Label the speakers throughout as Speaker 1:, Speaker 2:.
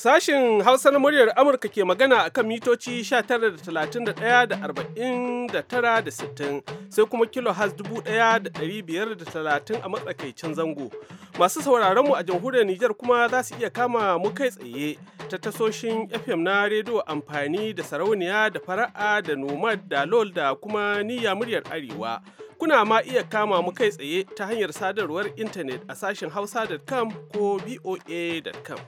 Speaker 1: Sashin Hausa na muryar Amurka ke magana a kan mitoci 19,31,49 da sai kuma kilo has 1,530 a matsakaicin zango. Masu sauraron mu a jamhuriyar Nijar kuma za su iya kama mu kai tsaye ta tasoshin FM na rediyo amfani da sarauniya da fara'a da nomad da lol da kuma niyya muryar arewa. Kuna ma iya kama mu kai tsaye ta hanyar sadarwar intanet a sashin hausa.com ko voa.com.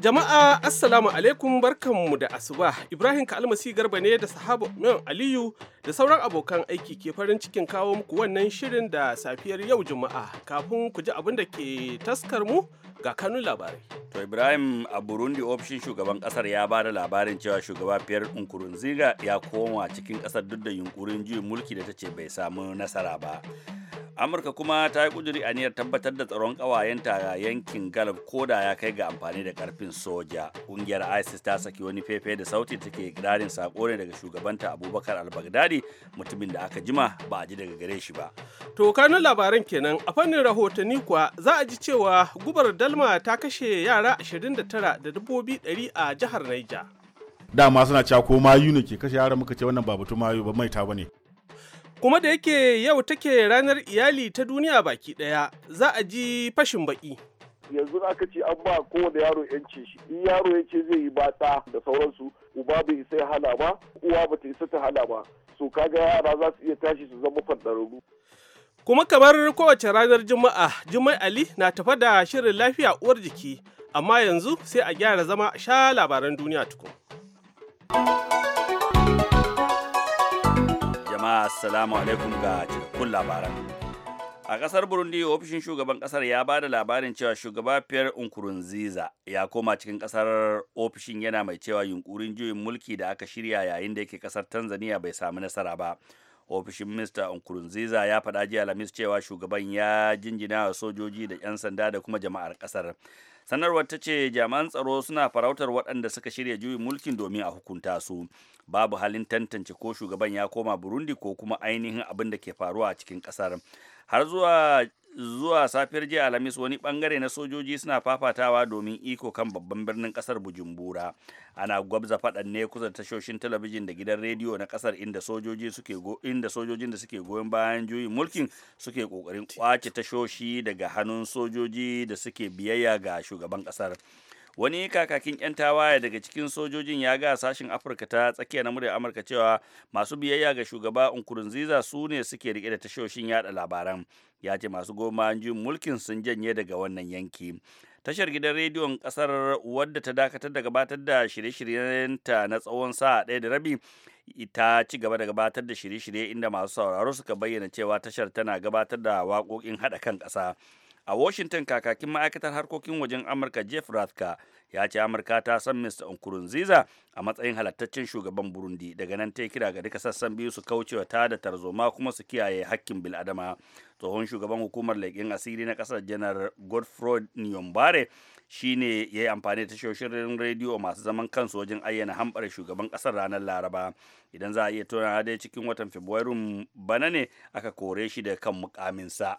Speaker 1: Jama'a Assalamu alaikum barkanmu da asuba. Ibrahim Kalmasi Garba ne da sahaba Min Aliyu da sauran abokan aiki ke farin cikin kawo muku wannan shirin da safiyar yau Juma'a. Kafin ku ji abin da ke taskar mu ga kanun labarai. To Ibrahim a
Speaker 2: Burundi ofishin shugaban kasar ya ba da labarin cewa shugaba Pierre Nkurunziga ya koma cikin kasar duk da yunkurin juyin mulki da ta ce bai samu nasara ba. amurka kuma ta yi kuduri aniyar tabbatar da tsaron kawayenta a yankin galab koda ya kai ga amfani da karfin soja kungiyar isis ta saki wani fefe da sauti take kirarin sako ne daga shugabanta abubakar
Speaker 1: al-baghdadi mutumin da aka jima ba a ji daga gare shi ba to kanun labaran kenan a fannin rahotanni kuwa za a ji cewa gubar dalma ta kashe yara 29 da dabbobi 100 a jihar niger
Speaker 2: dama suna cewa ko mayu ne ke kashe yara muka ce wannan ba batu
Speaker 1: mayu ba maita bane kuma da yake yau take ranar iyali ta duniya baki ɗaya za a ji fashin baƙi.
Speaker 3: yanzu aka ce an ba kowane yaro 'yanci shi in yaro ya zai yi bata da sauransu uba bai isa ya hala ba uwa ba ta isa ta hala ba so kaga yara za su iya tashi su zama fadararru
Speaker 1: kuma kamar kowace ranar juma'a jumai ali na tafa da shirin lafiya uwar jiki amma yanzu sai a gyara zama sha labaran duniya tukun.
Speaker 2: jama'a assalamu alaikum ga cikakkun labaran a ƙasar burundi ofishin shugaban ƙasar ya ba da labarin cewa shugaba pierre nkurunziza ya koma cikin kasar ofishin yana mai cewa yunkurin juyin mulki da aka shirya yayin da yake ƙasar tanzania bai samu nasara ba ofishin mista nkurunziza ya faɗa jiya alhamis cewa shugaban ya jinjina wa sojoji da 'yan sanda da kuma jama'ar kasar sanarwar ta ce jami'an tsaro suna farautar waɗanda suka shirya juyin mulkin domin a hukunta su babu halin tantance ko shugaban ya koma burundi ko kuma ainihin abin da ke faruwa a cikin ƙasar har zuwa zuwa safiyar jiya alhamis wani bangare na sojoji suna fafatawa domin iko kan babban birnin kasar bujumbura ana gwabza faɗan ne kusa tashoshin talabijin da gidan rediyo na kasar inda sojoji suke inda sojojin da suke goyon bayan juyin mulkin suke kokarin kwace tashoshi daga hannun sojoji da suke biyayya ga shugaban kasar wani kakakin 'yan tawaye daga cikin sojojin ya ga sashin afirka ta tsakiya na murya amurka cewa masu biyayya ga shugaba nkurunziza su ne suke rike da tashoshin yada labaran ya ce masu goma jin mulkin sun janye daga wannan yanki tashar gidan rediyon kasar wadda ta dakatar da gabatar da shirye-shiryenta na tsawon sa'a ɗaya da rabi ita ci gaba da gabatar da shirye-shirye inda masu sauraro suka bayyana cewa tashar tana gabatar da waƙoƙin haɗa kan ƙasa a washington kakakin ma'aikatar harkokin wajen amurka jeff rathka ya ce amurka ta san mr nkurunziza a matsayin halattaccen shugaban burundi daga nan ta kira ga duka sassan biyu su kaucewa ta da tarzoma kuma su kiyaye hakkin biladama tsohon shugaban hukumar leƙen asiri na ƙasar janar godfrey nyombare shine ya yi amfani da tashoshin rediyo masu zaman kansu wajen ayyana hambar shugaban ƙasar ranar laraba idan za a iya tona
Speaker 1: dai cikin watan fabrairun bana ne aka kore shi da kan mukaminsa.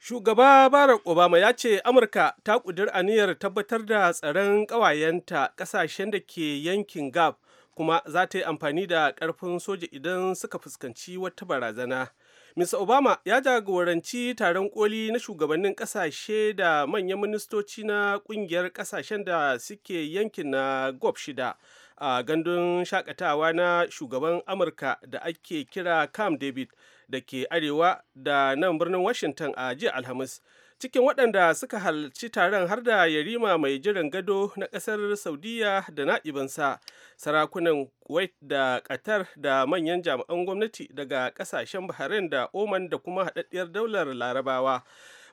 Speaker 1: Shugaba Barack Obama ya ce Amurka ta ƙudur aniyar tabbatar da tsaron ƙawayenta ƙasashen da ke yankin Gab kuma za ta yi amfani da karfin soja idan suka fuskanci wata barazana. Mr. Obama ya jagoranci taron koli na shugabannin ƙasashe da manyan ministoci na ƙungiyar ƙasashen da suke yankin na GOP shida a gandun shakatawa na shugaban Amurka da ake kira cam David. da ke arewa da nan birnin washington a jiya alhamis cikin waɗanda suka halarci taron har da yarima mai jiran gado na ƙasar saudiya da na'ibansa sarakunan kuwait da qatar da manyan jami'an gwamnati daga ƙasashen bahrain da oman da kuma haɗaɗɗiyar daular larabawa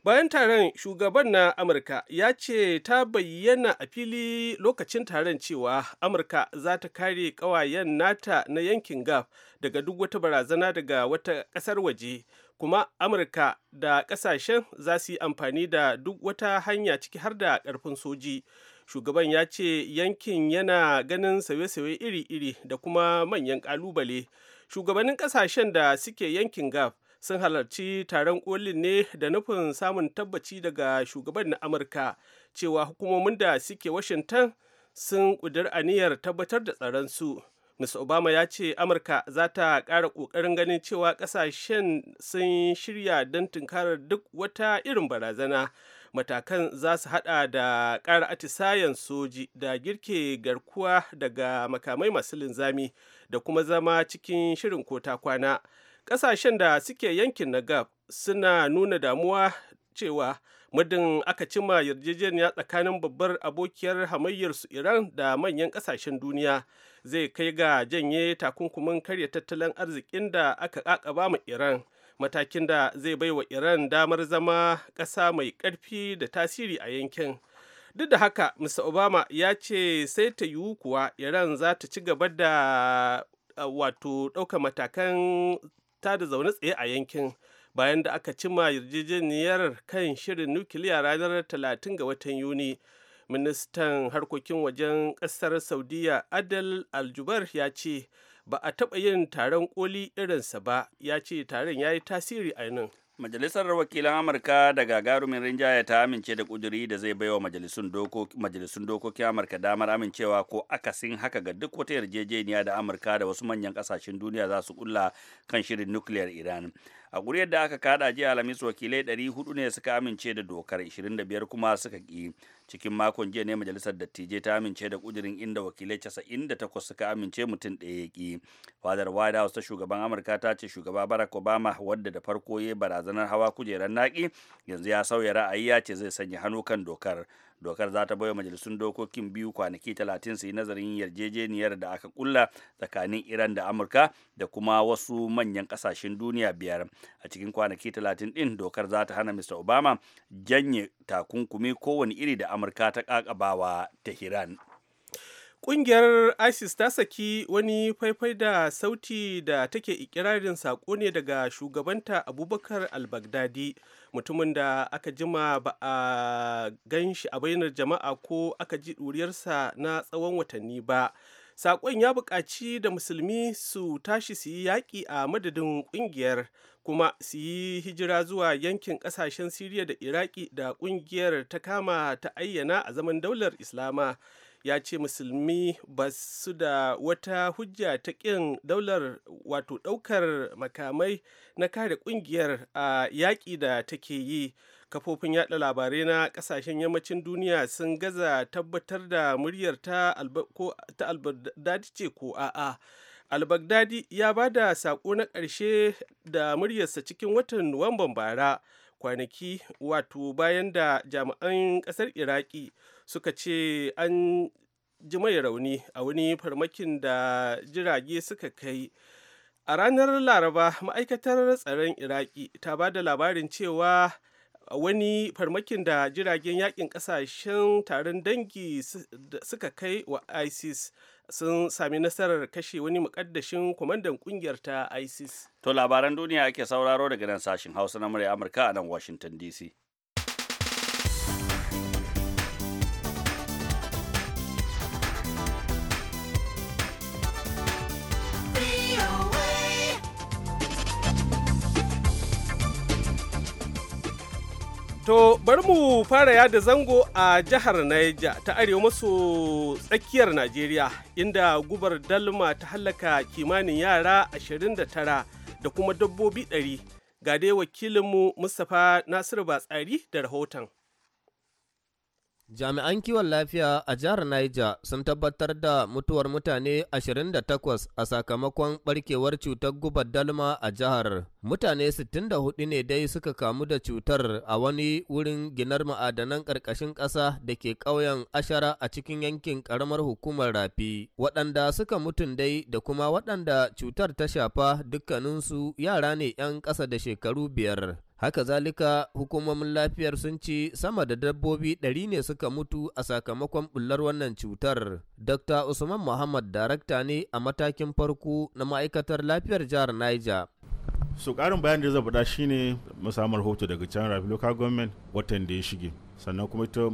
Speaker 1: bayan taron shugaban na amurka ya ce ta bayyana a fili lokacin taron cewa amurka za ta kare kawayen nata na yankin gaf daga duk wata barazana daga wata ƙasar waje kuma amurka da ƙasashen za su yi amfani da duk wata hanya ciki har da ƙarfin soji shugaban ya ce yankin yana ganin sauye-sauye iri-iri da kuma manyan ƙalubale shugabannin ƙasashen da suke yankin gaf sun halarci taron kolin ne da nufin samun tabbaci daga shugaban na amurka cewa hukumomin da suke washington sun kudur aniyar tabbatar da tsaron su Mr. Obama ya ce Amurka za ta kara kokarin ganin cewa kasashen sun shirya don tunkarar duk wata irin barazana. Matakan za su haɗa da kara atisayen soji da girke garkuwa daga makamai masu linzami da kuma zama cikin shirin kota kwana ƙasashen da suke yankin na gab suna nuna damuwa cewa muddin aka cima yarjejeniya tsakanin babbar abokiyar hamayyarsu iran da manyan ƙasashen duniya zai kai ga janye takunkumin karya tattalin arzikin da aka ƙaƙaba ma iran matakin da zai baiwa iran damar zama ƙasa mai ƙarfi da tasiri a yankin duk da haka mr obama ya ce sai ta yiwu kuwa iran za ta ci gaba da wato ɗauka matakan da zaune tsaye a yankin bayan da aka cima yarjejeniyar kan shirin nukiliya ranar 30 ga watan yuni ministan harkokin wajen ƙasar saudiya adal aljubar ya ce ba a taɓa yin taron koli irinsa ba ya ce taron ya yi tasiri a nan Majalisar Wakilan
Speaker 2: Amurka da gagarumin rinjaya ta amince da kuduri da zai baiwa majalisun dokokin doko Amurka damar amincewa ko akasin haka ga duk wata yarjejeniya da Amurka da wasu manyan kasashen duniya za su kulla kan shirin nukiliyar Iran. a guriyar da aka kada jiya alhamis wakilai 400 ne suka amince da dokar 25 kuma suka ki cikin makon jiya ne majalisar dattijai ta amince da kudirin inda wakilai 98 suka amince mutum ɗaya ya ki fadar white house ta shugaban amurka ta ce shugaba barack obama wadda da farko ya barazanar hawa kujerar naki yanzu ya sauya ra'ayi ya ce zai sanya hannu kan dokar dokar za ta baiwa majalisun dokokin biyu kwanaki talatin su yi nazarin yarjejeniyar da aka kulla tsakanin iran da amurka da kuma wasu manyan kasashen duniya biyar a cikin kwanaki talatin din dokar za ta hana mr obama janye takunkumi kowane iri da amurka ta kakabawa ta iran.
Speaker 1: Ƙungiyar ISIS ta saki wani faifai da sauti da take ikirarin saƙo ne daga shugabanta Abubakar al-Baghdadi mutumin da aka jima ba a gan shi a bainar jama'a ko aka ji ɗuriyarsa na tsawon watanni ba saƙon ya buƙaci da musulmi su tashi su yi yaƙi a madadin ƙungiyar kuma su yi hijira zuwa yankin ƙasashen siriya da iraki da ƙungiyar ta kama ta ayyana a zaman daular islama ya ce musulmi ba su da wata hujja ta kin daular wato ɗaukar makamai na kare ƙungiyar a yaƙi da take yi kafofin yaɗa labarai na ƙasashen yammacin duniya sun gaza tabbatar da muryar ta albagdadi ce ko a'a albagdadi ya ba da saƙo na ƙarshe da muryarsa cikin watan nuwamban bara kwanaki wato bayan da jami'an ƙasar iraki suka ce an ji mai rauni a wani farmakin da jirage suka kai a ranar laraba ma'aikatar tsaron iraki ta ba da labarin cewa wani farmakin da jiragen yakin kasashen taron dangi suka kai wa isis sun sami nasarar kashe wani mukaddashin kwamandan kungiyar ta isis
Speaker 2: to labaran duniya ake sauraro daga nan sashen hausa na murya amurka a nan washington dc
Speaker 1: To bari mu fara yada zango a jihar Niger ta arewa maso tsakiyar Najeriya inda gubar dalma ta hallaka kimanin yara 29 da kuma dabbobi 100 ga dai wakilinmu Mustapha Nasiru Batsari da rahoton.
Speaker 4: Jami'an kiwon lafiya a jihar Niger sun tabbatar da mutuwar mutane 28 a sakamakon barkewar cutar gubar dalma a jihar. Mutane 64 ne dai suka kamu da cutar a wani wurin ginar ma'adanan ƙarƙashin ƙasa da ke ƙauyen Ashara a cikin yankin ƙaramar hukumar Rafi. Waɗanda suka mutun dai da kuma waɗanda cutar ta shafa dukkaninsu yara ne 'yan ƙasa da shekaru biyar. Haka zalika hukumomin lafiyar sun ce sama da dabbobi ɗari ne suka mutu a sakamakon bullar wannan cutar. Dr. Usman Muhammad darakta ne a matakin farko na ma'aikatar lafiyar jihar Niger.
Speaker 2: su karin bayan da zai faɗa shine musamman hoto daga can rafi local government watan da ya shige sannan kuma ita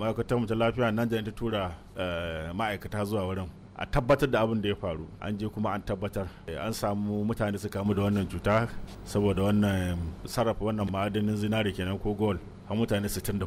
Speaker 2: ma'aikatar mutum lafiya nan jan ta tura eh, ma'aikata zuwa wurin a tabbatar da abin da ya faru an je kuma an tabbatar eh, an samu mutane su kamu da wannan cuta saboda wannan sarrafa wannan ma'adanin zinari kenan ko gold har mutane 64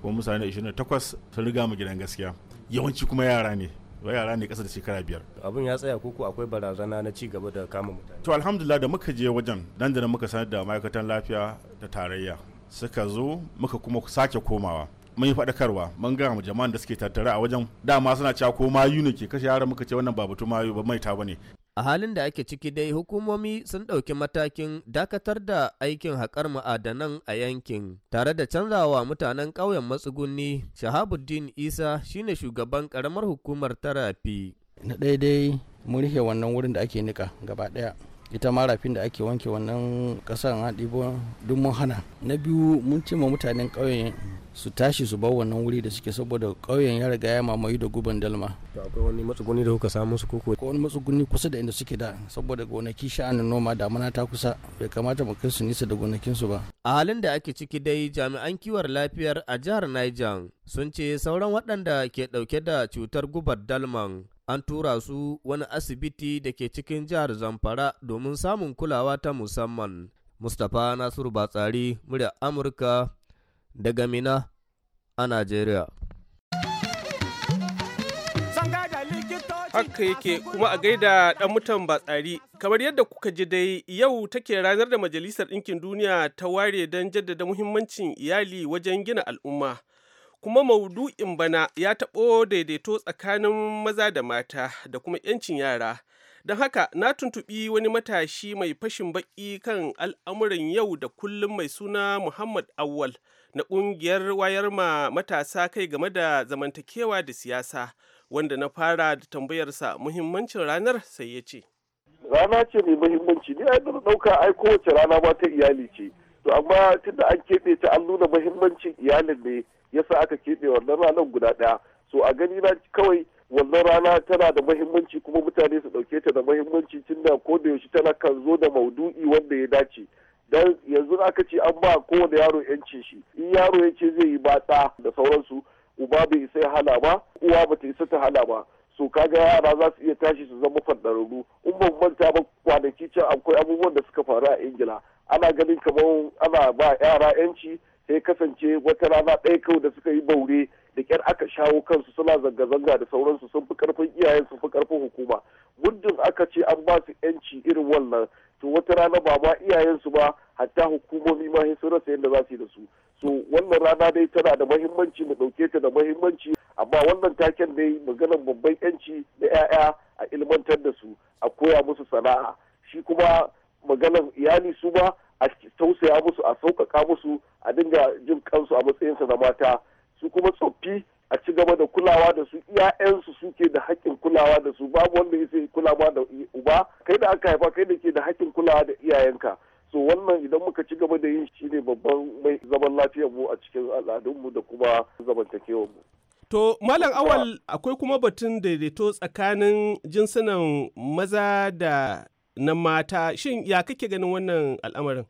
Speaker 2: kuma mutane 28 sun riga mu gidan gaskiya yawanci kuma yara ne yara ne kasa da shekara biyar abin ya tsaya koko akwai barazana na ci gaba da kama mutane to alhamdulillah da muka je wajen nan da muka sanar da ma'aikatan lafiya da tarayya suka zo muka kuma sake komawa mun yi faɗakarwa mun gaya mu jama'an da suke tattare a wajen dama
Speaker 4: suna cewa ko mayu ne ke kashe yaran muka ce wannan ba batu mayu ba maita bane a halin da ake ciki dai hukumomi sun ɗauki matakin dakatar da aikin haƙar ma'adanan a yankin tare da canzawa mutanen ƙauyen matsugunni shahabuddin isa shine shugaban ƙaramar hukumar tarafi
Speaker 2: na daidai mun rufe wannan wurin da ake nika gaba ɗaya ita ma rafin da ake wanke wannan kasar a ɗibo duk mun hana na biyu mun ce ma mutanen ƙauyen su tashi su bar wannan wuri da suke saboda ƙauyen ya riga ya mamayi da guban dalma to akwai wani matsuguni da kuka samu su koko akwai wani matsuguni kusa da inda suke da saboda gonaki sha'anin noma damuna ta kusa bai kamata mu kai su nisa da gonakin su ba
Speaker 4: a halin da ake ciki dai jami'an kiwon lafiyar a jihar Niger sun ce sauran waɗanda ke ɗauke da cutar gubar dalman an tura su wani asibiti da ke cikin jihar Zamfara domin samun kulawa ta musamman. Mustapha Nasiru Batsari, murya Amurka daga Mina a nigeria. Haka yake
Speaker 1: kuma a gaida dan mutan batsari, kamar yadda kuka ji dai yau take ranar da Majalisar Ɗinkin Duniya ta ware don jaddada muhimmancin iyali wajen gina al'umma. kuma maudu'in bana ya taɓo daidaito tsakanin maza da mata da kuma 'yancin yara don haka na tuntuɓi wani matashi mai fashin baƙi kan al'amuran yau da kullum mai suna muhammad awwal na ƙungiyar wayar ma matasa kai game da zamantakewa da siyasa wanda na fara da tambayarsa muhimmancin ranar sai ya ce
Speaker 3: rana ce mai muhimmanci ni ai da ɗauka ai kowace rana ba ta iyali ce to amma tunda an keɓe ta an nuna mahimmancin iyalin ne yasa aka keɓe wannan ranar guda ɗaya so a gani na kawai wannan rana tana da mahimmanci kuma mutane su ɗauke ta da mahimmanci tunda ko da yaushe tana kan zo da maudu'i wanda ya dace dan yanzu aka ce an ba kowane yaro yancin shi in yaro ya ce zai yi baɗa da sauransu uba bai isa ya hala ba uwa ba ta isa ta hala ba so kaga yara za su iya tashi su zama fadararru in ban manta ba kwanaki can akwai abubuwan da suka faru a ingila ana ganin kamar ana ba yara yanci sai kasance wata rana ɗaya kawai da suka yi baure da kyar aka shawo kansu suna zanga-zanga da sauransu sun fi karfin iyayen sun fi karfin hukuma muddin aka ce an ba su yanci irin wannan to wata rana ba ma iyayen su ba hatta hukumomi ma sun rasa yadda za su yi da su so wannan rana dai tana da mahimmanci mu ɗauke ta da mahimmanci amma wannan taken dai maganar babban yanci na 'ya'ya a ilmantar da su a koya musu sana'a shi kuma maganar iyali su ba a tausaya musu a sauƙaƙa musu a dinga jin kansu a matsayinsa na mata su kuma tsoffi a ci gaba da kulawa da su iyayensu suke da haƙƙin kulawa da su babu wanda ya sai kulawa da uba kai da aka haifa kai da ke da haƙƙin kulawa da iyayenka so wannan idan muka ci gaba da yin shi ne babban mai zaman lafiyar mu a cikin al'adunmu da kuma zamantakewar mu
Speaker 1: To, Malam Awal akwai kuma batun daidaito tsakanin jinsunan maza da na mata shin ya kake ganin wannan al'amarin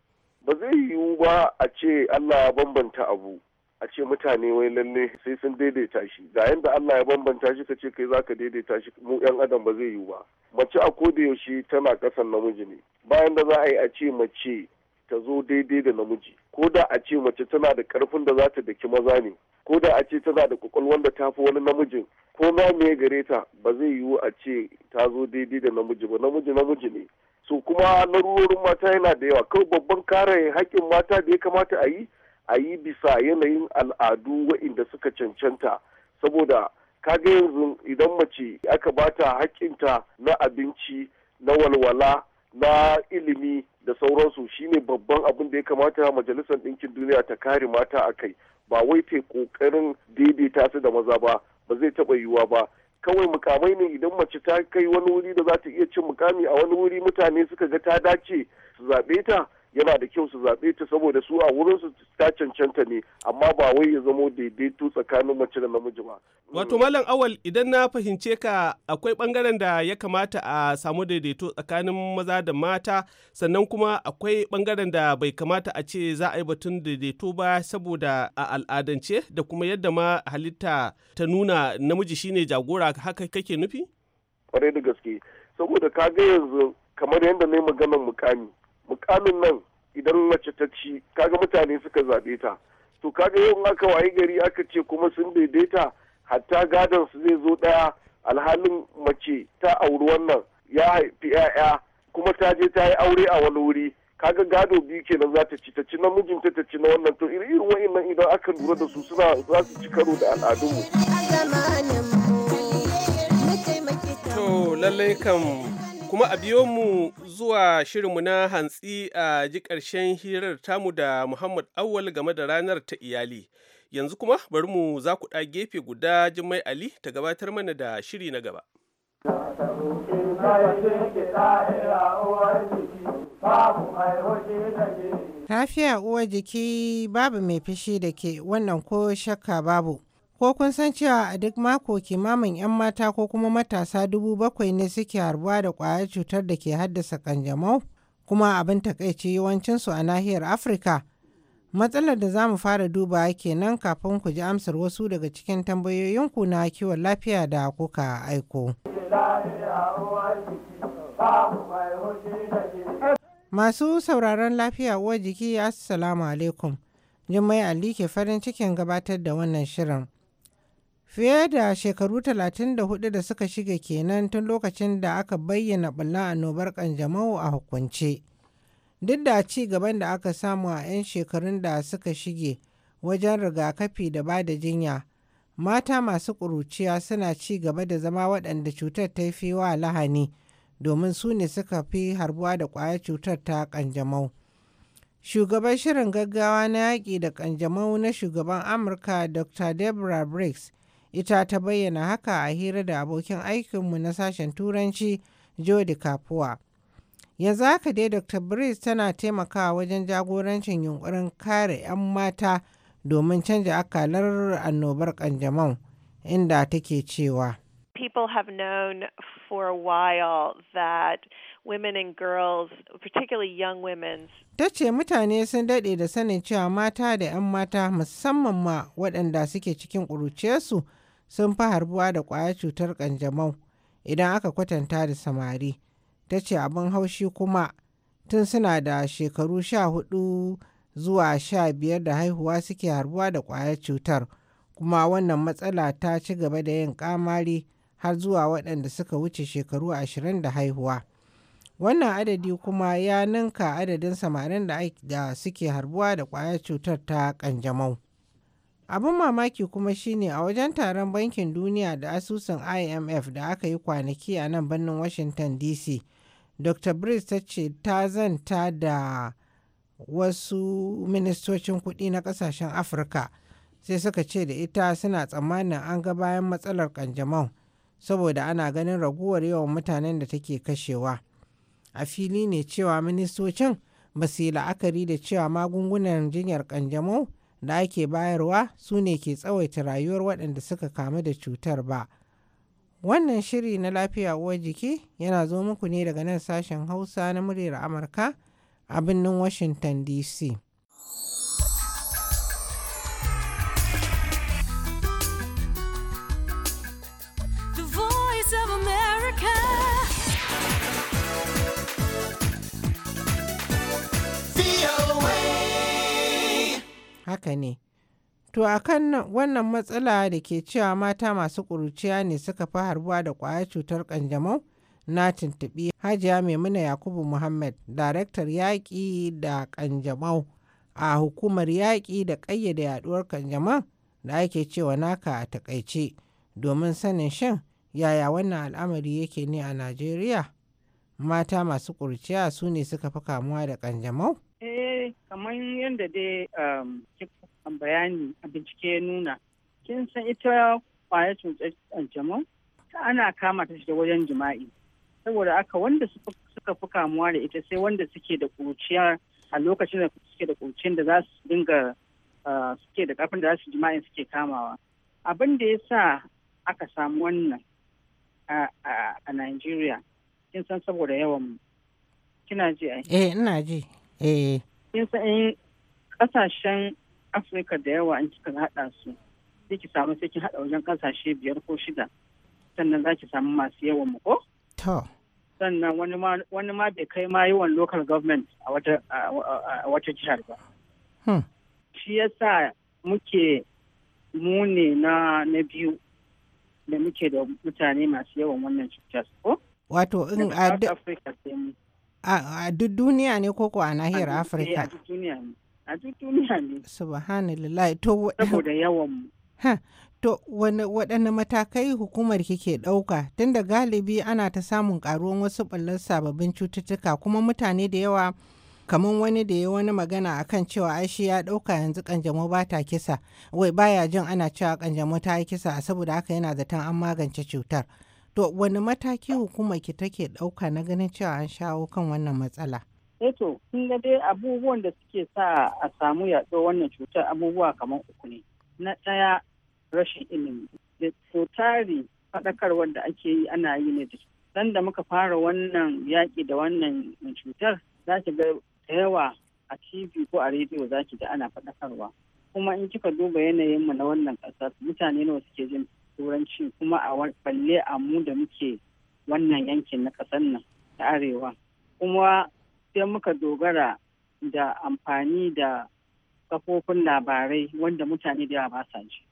Speaker 3: ba zai yiwu ba a ce Allah ya bambanta abu a ce mutane wai lalle sai sun daidaita shi ga yadda Allah ya bambanta shi ka ce kai zaka daidaita shi mu yan adam ba zai yiwu ba mace a koda yaushe tana kasan namiji ne bayan da za a yi a ce mace ta zo daidai da namiji ko da a ce mace tana da karfin da za ta daki maza ne ko da a ce tana da kwakwalwar da ta fi wani namijin ko ma me gare ta ba zai yiwu a ce ta zo daidai da namiji ba namiji namiji ne su kuma larurorin mata yana da yawa kawai babban kare haƙƙin mata da ya kamata a yi a yi bisa yanayin al'adu wa'inda suka cancanta saboda kaga yanzu idan mace aka bata haƙƙinta na abinci na walwala na ilimi da sauransu shine babban abin da ya kamata majalisar ɗinkin duniya ta kare mata a kai ba wai ta ƙoƙarin daidaita su da maza ba ba zai taɓa yiwuwa ba kawai mukamai ne idan mace ta kai wani wuri da za ta iya cin mukami a wani wuri mutane suka ga ta dace su zaɓe ta yana da kyau su zaɓe ta saboda su a wurin su ta cancanta ne amma ba wai ya zamo daidaito tsakanin mace da namiji ba.
Speaker 1: Wato Malam Awal idan na fahimce ka akwai bangaren da ya kamata a samu daidaito tsakanin maza da mata sannan kuma akwai ɓangaren da bai kamata a ce za a yi batun daidaito ba saboda a al'adance da kuma yadda ma halitta ta nuna namiji shine jagora haka kake nufi?
Speaker 3: Kwarai da gaske saboda ka ga yanzu kamar yadda na yi maganar mukami mukamin nan idan mace ta ci kaga mutane suka zaɓe ta to kaga yau aka waye gari aka ce kuma sun daidaita hatta gadon su zai zo ɗaya alhalin mace ta auri wannan ya haifi 'ya'ya kuma ta je ta yi aure a wani wuri kaga gado biyu kenan za ta ci ta ci mijinta ta ci na wannan to irin
Speaker 1: wa'annan idan aka lura da su suna za su ci karo da al'adunmu. To lallai kam kuma a biyo mu zuwa shirinmu na hantsi a ji ƙarshen hirar tamu da Muhammad Awal game da ranar ta iyali. Yanzu kuma bari mu za ku ɗa gefe guda Jummai Ali ta gabatar mana da shiri na gaba.
Speaker 5: Lafiya uwar jiki babu mai fishi da ke wannan ko shakka babu. Ko kun san cewa a duk mako kimamin 'yan mata ko kuma matasa dubu bakwai ne suke harbuwa da ƙwayar cutar da ke haddasa kanjamau kuma abin takaici yawancinsu a nahiyar Afirka. Matsalar da za mu fara duba kenan kafin ku ji amsar wasu daga cikin tambayoyinku na kiwon lafiya da kuka aiko. Masu sauraron lafiya uwar jiki, Assalamu alaikum. Jummai Ali ke farin cikin gabatar da wannan shirin. Fiye da shekaru 34 da suka shige kenan tun lokacin da aka bayyana ɓulla annobar ƙanjamau a hukunce. Duk da ci gaban da aka samu a 'yan shekarun da suka shige wajen rigakafi da ba da jinya, mata masu ƙuruciya suna ci gaba da zama waɗanda cutar ta fi wa lahani domin su ne suka fi harbuwa da ƙwayar cutar ta ƙanjamau. Shugaban shirin gaggawa na yaƙi da ƙanjamau na shugaban Amurka Dr. Deborah Briggs ita ta bayyana haka a hira da abokin aikinmu na sashen turanci jodi kafuwa yanzu haka dai dr breeze tana taimakawa wajen jagorancin yunkurin kare 'yan mata domin canja akalar annobar kanjamau inda take cewa
Speaker 6: people have known for a while that women and girls, particularly young women.
Speaker 5: Ta ce mutane sun daɗe da sanin cewa mata da 'yan mata musamman ma waɗanda suke cikin ƙuruciyarsu sun fi harbuwa da ƙwayar cutar ƙanjamau idan aka kwatanta da samari ta ce abin haushi kuma tun suna da shekaru sha hudu zuwa sha biyar da haihuwa suke harbuwa da ƙwayar cutar kuma wannan matsala ta ci gaba da yin kamari har zuwa waɗanda suka wuce shekaru ashirin da haihuwa wannan adadi kuma ya ninka adadin samarin da suke harbuwa da ƙwayar cutar ta ƙanjamau abin mamaki kuma shine a wajen taron bankin duniya da asusun imf da aka yi kwanaki a nan birnin washington dc dr briggs ta ce ta zanta da wasu ministocin kuɗi na ƙasashen afirka sai suka ce da ita suna tsammanin an ga bayan matsalar kanjamau saboda ana ganin raguwar yawan mutanen da take kashewa a fili ne cewa ministocin ba su yi la'akari da cewa magungunan jinyar kanjamau da ake bayarwa su ne ke tsawaita rayuwar waɗanda suka kamu da cutar ba. Wannan shiri na lafiya uwar jiki yana zo muku ne daga nan sashen Hausa na muryar Amurka a birnin Washington DC. haka ne. To a kan wannan matsala da ke cewa mata masu ƙuruciya ne suka fi harbuwa da ƙwayar cutar ƙanjamau na tuntuɓi Hajiya Maimuna Yakubu Muhammad, Daraktar Yaƙi da Ƙanjamau a Hukumar Yaƙi da Ƙayyade Yaɗuwar Ƙanjamau da ake cewa naka a taƙaice domin sanin shin yaya wannan al'amari yake ne a Najeriya. Mata masu ƙuruciya su ne suka fi kamuwa da ƙanjamau?
Speaker 7: Eh, kamar yadda dai um, bayani a bincike ya nuna, kin san ita kwaya cutar kanjamau ana kama ta shi da wajen jima'i. Saboda aka wanda suka fi kamuwa da ita sai wanda suke da kuciya a lokacin da suke da kucin da za su dinga uh, suke da kafin da za su jima'in suke kamawa. Abin da ya sa aka samu wannan a Najeriya, kin san saboda yawan kina
Speaker 5: ji ai. Eh, ina ji. eh
Speaker 7: in kasashen afirka da yawa an kika hada su sai ki samu sai ki hada wajen kasashe biyar ko shida sannan za ki samu masu yawan mu ko to sannan wani ma wani ma bai kai ma yawan local government a wata a wata jihar ba hmm. shi yasa muke mune na na biyu da muke da mutane masu yawan wannan cutar ko
Speaker 5: wato in
Speaker 7: a
Speaker 5: a duk duniya ne ko a nahiyar eh, afirka a duk duniya ne subhanallah to saboda yawan mu To waɗanne matakai hukumar kike ɗauka tunda galibi ana ta samun ƙaruwan wasu ɓullar sababbin cututtuka kuma mutane da yawa kamar wani da ya wani magana kan cewa aishi ya ɗauka yanzu kanjamo ba ta kisa wai baya jin ana cewa kanjamo ta yi kisa saboda haka yana zaton an magance cutar. To wani mataki hukumar ki take ɗauka na ganin cewa an shawo kan wannan matsala?
Speaker 7: Eto, eh kun ga dai abubuwan da suke sa a samu yaɗo wannan cutar abubuwa kamar uku ne. Na ɗaya rashin ilimi. Da tsotari faɗakarwar da ake yi ana yi ne da da muka fara wannan yaƙi da wannan cutar za ki ga da yawa a TV ko a rediyo za ki ga ana faɗakarwa. Kuma in kika duba yanayinmu na wannan ƙasa mutane nawa suke jin turanci kuma a balle a mu da muke wannan yankin na ƙasar nan ta arewa kuma sai muka dogara da amfani da kafofin labarai wanda mutane da yawa ba sa ji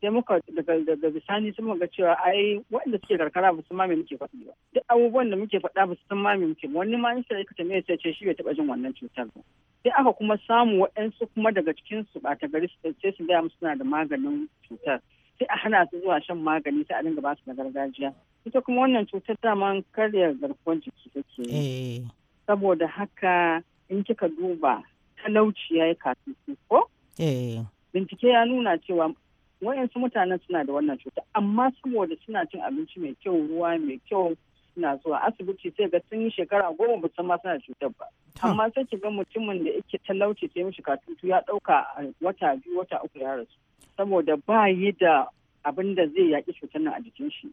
Speaker 7: sai muka daga bisani sun ga cewa ai waɗanda suke karkara ba su ma me muke faɗi ba duk abubuwan da muke faɗa ba su san ma me muke wani ma in sai ka ce shi bai taɓa jin wannan cutar ba sai aka kuma samu waɗansu kuma daga cikin su ɓata gari su sai su gaya musu suna da maganin cutar sai a hana su zuwa shan magani sai a dinga ba su na gargajiya ita kuma wannan cutar ta daman karya garkuwar jiki take eh. saboda haka in kika duba talauci ya yi su ko eh. bincike ya nuna cewa wayansu mutanen suna da wannan cuta amma saboda suna cin abinci mai kyau ruwa mai kyau suna zuwa asibiti sai ga sun yi shekara goma ba san ma suna cutar ba amma sai ki ga mutumin da yake talauci sai mishi katutu ya dauka wata biyu wata uku ya rasu saboda ba yi da abin da zai yaƙi cutar nan a jikin shi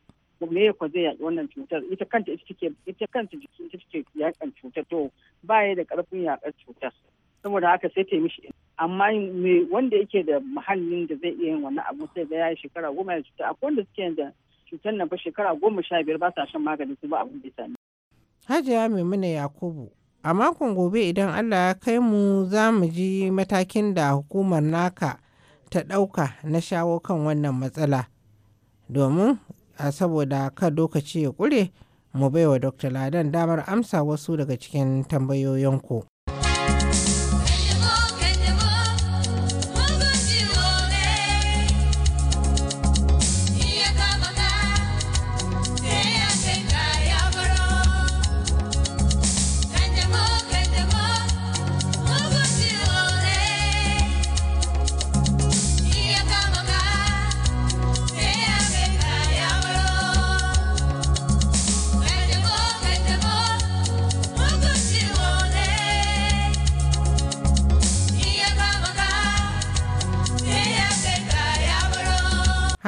Speaker 7: me ya kwa zai yaƙi wannan cutar ita kanta ita take ita kanta jikin ita take yaƙan cutar to ba yi da ƙarfin yaƙar cutar saboda haka sai ta yi mishi amma me wanda yake da muhallin da zai iya yin wannan abu sai ga ya shekara goma ya cuta akwai wanda suke yanzu cutar nan fa shekara goma sha biyar ba sa shan magani su ba abin da ya sami.
Speaker 5: Hajiya Maimuna Yakubu a makon gobe idan Allah ya kai mu za mu ji matakin da hukumar naka ta ɗauka na shawo kan wannan matsala domin a saboda kan lokaci ya ƙure mu baiwa dr ladan damar amsa wasu daga cikin tambayoyinku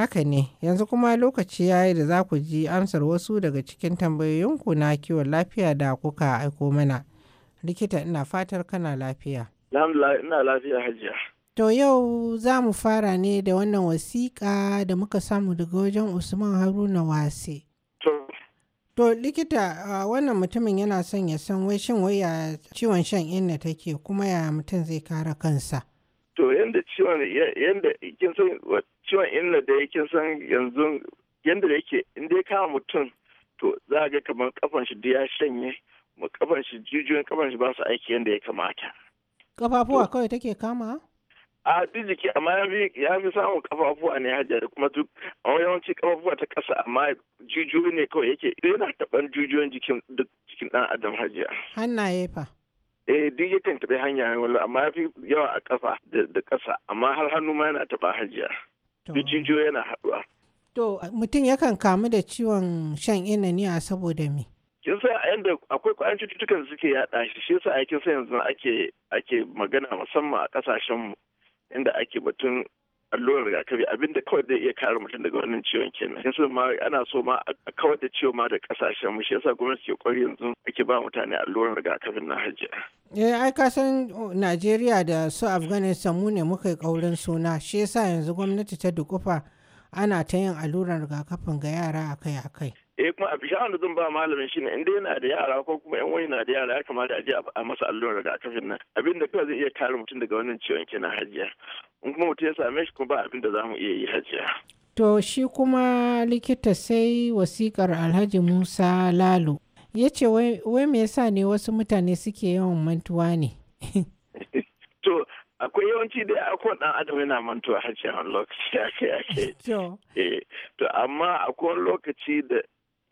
Speaker 5: Haka ne, yanzu kuma lokaci ya yi da za ku ji amsar wasu daga cikin tambayoyinku na kiwon lafiya da kuka aiko mana. Likita ina fatar kana lafiya.
Speaker 6: Alhamdulillah ina lafiya hajiya.
Speaker 5: To yau za mu fara ne da wannan wasiƙa da muka samu daga wajen Usman Haruna Wase. To likita wannan mutumin yana son ya san wai shin wai ya ciwon shan inna take kuma ya mutum zai kare kansa.
Speaker 6: To yanda ciwon yanda kin san ciwon inna da yake san yanzu yadda da yake in dai kama mutum to za ga kamar kafan shi da ya shanye mu kafan shi jijiyoyin kafan shi ba su aiki yadda ya kamata
Speaker 5: kafafuwa kawai take kama
Speaker 6: a duk jiki amma ya fi samun kafafuwa ne da kuma duk amma yawanci kafafuwa ta kasa amma jijiyoyi ne kawai yake yana taɓan jijiyoyin jikin duk jikin dan adam hajjar
Speaker 5: hannaye fa
Speaker 6: eh duk yakan taɓa hanya wala amma ya fi yawa a kafa da kasa amma har hannu ma yana taɓa hajjar duk yana haɗuwa.
Speaker 5: To mutum yakan kamu da ciwon shan inani a saboda me?
Speaker 6: Kin san a yadda akwai kwayan cututtukan suke yaɗa shi shi yasa aikin sa yanzu ake ake magana musamman a kasashen mu inda ake batun allurar rigakafi abinda kawai zai iya kare mutum daga wannan ciwon kenan yanzu ma ana so ma a kawar da ciwo ma da kasashen mu shi yasa gwamnati ke kwari yanzu ake ba mutane allurar rigakafin na hajji
Speaker 5: eh ai ka san Najeriya da su Afghanistan mu ne muka yi kaurin suna shi yasa yanzu gwamnati ta dukufa ana ta yin allurar rigakafin ga yara akai-akai
Speaker 6: eh kuma abin da zan ba malamin shi ne, inda yana da yara ko kuma yan wani na da yara ya kamata a je a masa allurar rigakafin nan abinda kawai zai iya kare mutum daga wannan ciwon kenan hajiya in kuma mutum ya same shi kuma ba abin da za mu iya yi hajiya.
Speaker 5: To shi kuma likita sai wasikar Alhaji Musa Lalo ya ce wai me yasa ne wasu mutane suke yawan mantuwa ne?
Speaker 6: To akwai yawanci da akwai dan adam yana mantuwa har ce wani lokaci ke ya
Speaker 5: ke.
Speaker 6: To amma akwai wani lokaci da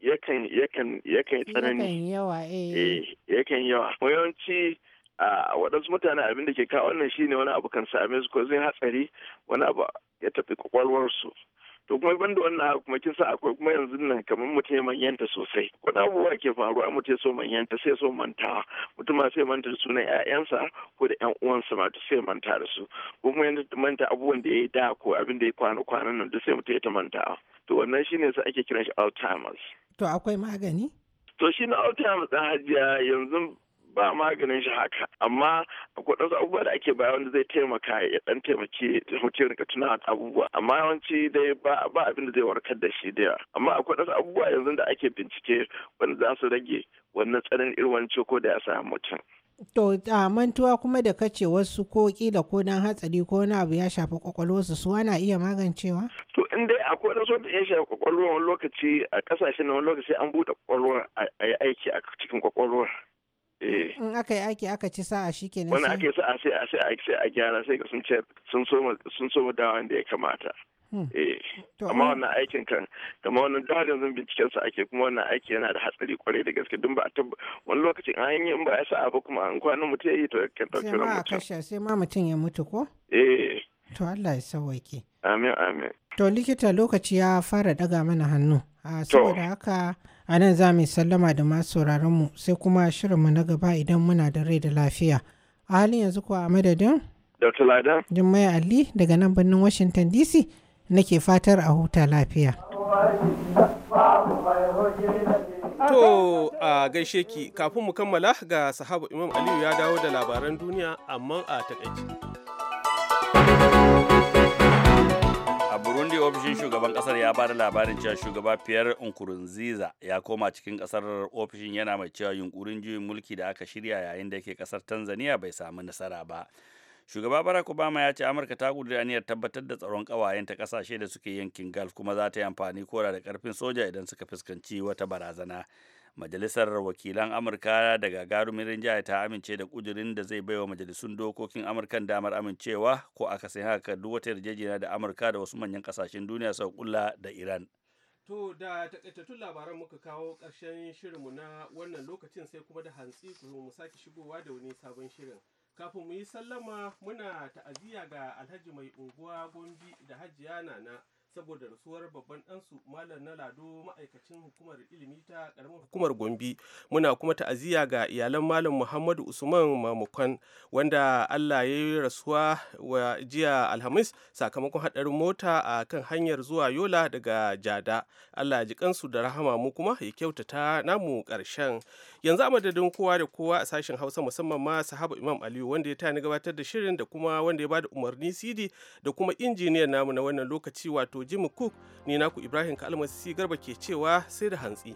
Speaker 6: yakan yakan yakan tsanani. Yakan
Speaker 5: yawa eh.
Speaker 6: eh yakan yawa. Yawanci a waɗansu mutane abin da ke kawo wannan shine wani abu kan same su ko zai hatsari wani abu ya tafi kwakwalwarsu to kuma banda wannan kuma kin san akwai kuma yanzu nan kamar mutum ya manyanta sosai wani abubuwa ke faruwa mutum ya so manyanta sai so mantawa mutum ma sai manta da sunan ƴaƴansa ko da ƴan uwansa ma duk sai manta da su ko kuma yanda manta abubuwan da ya yi da ko abin da ya kwana kwanan nan duk sai mutum ya ta mantawa to wannan shine su ake kiran shi Alzheimer's
Speaker 5: to akwai magani
Speaker 6: to shi na Alzheimer's ɗan hajiya yanzu ba maganin shi haka amma akwai ɗan abubuwa da ake baya wanda zai taimaka ya ɗan taimaki mutum rika tuna abubuwa amma yawanci dai ba abin zai warkar da shi da amma akwai ɗan abubuwa yanzu da ake bincike wanda za su rage wannan tsanin irin wani da ya sa mutum.
Speaker 5: To a mantuwa kuma da kace wasu ko kila ko dan hatsari ko wani abu ya shafi kwakwalwarsu su ana iya magancewa?
Speaker 6: To in dai akwai da ya shafi kwakwalwar wani lokaci a kasashen wani lokaci an buɗe kwakwalwar a yi aiki a cikin kwakwalwar. Eh.
Speaker 5: in aka yi aiki aka ci sa'a shi ke wani
Speaker 6: aka yi sa'a sai a sai sai a gyara sai ka sun so dawa da ya kamata hmm. eh. amma wannan aikin kan kama wannan dawa yanzu binciken sa ake kuma wannan aiki yana da hatsari kwarai da gaske don ba a tabba wani lokaci an yi in ba a sa'a ba kuma an kwanan mutum ya yi to kan ɗauki ran mutum
Speaker 5: sai ma mutum ya mutu ko eh to Allah ya sauwaƙe amin amin to likita lokaci ya fara daga mana hannu ah, saboda haka a nan za mu sallama da masu sauraronmu sai kuma shirin mu na gaba idan muna da rai da lafiya a halin yanzu kuwa a madadin
Speaker 6: Dr. Lada.
Speaker 5: Jummai Ali daga nan birnin Washington DC nake fatar a huta lafiya.
Speaker 1: To a gaishe ki kafin mu kammala ga sahaba Imam Aliyu ya dawo da labaran duniya amma a takaici.
Speaker 2: ofishin shugaban kasar ya bada labarin cewa shugaba Pierre Nkurunziza ya koma cikin kasar ofishin yana mai cewa yunkurin juyin mulki da aka shirya yayin da yake kasar Tanzania bai samu nasara ba. Shugaba Barack Obama ya ce Amurka ta gudu aniyar tabbatar da tsaron kawayen ta kasashe da suke yankin Gulf kuma za ta yi amfani kora da karfin soja idan suka fuskanci wata barazana. majalisar wakilan amurka da gagarumin rinjaya ta amince da kudirin da zai baiwa majalisun dokokin amurkan damar amincewa ko aka sai haka duk wata yarjejeniya da amurka da wasu manyan kasashen duniya sau kula da iran
Speaker 1: to da takaitattun labaran muka kawo ƙarshen shirinmu na wannan lokacin sai kuma da hantsi mu sake shigowa da wani sabon shirin kafin mu yi sallama muna ta'aziyya ga alhaji mai unguwa gombi da hajiya nana saboda rasuwar babban ɗansu malam na lado ma'aikacin hukumar ilimi ta ƙaramin hukumar gombe muna kuma ta'aziyya ga iyalan malam muhammadu usman mamukon wanda allah ya yi rasuwa wa jiya alhamis sakamakon haɗarin mota a kan hanyar zuwa yola daga jada allah ya ji kansu da rahama mu kuma ya kyautata namu ƙarshen yanzu a madadin kowa da kowa a sashen hausa musamman ma sahaba imam aliyu wanda ya tani gabatar da shirin da kuma wanda ya bada umarni cd da kuma injiniyan namu na wannan lokaci wato jimmy cook ni naku ibrahim kalmasi garba ke cewa sai da hantsi.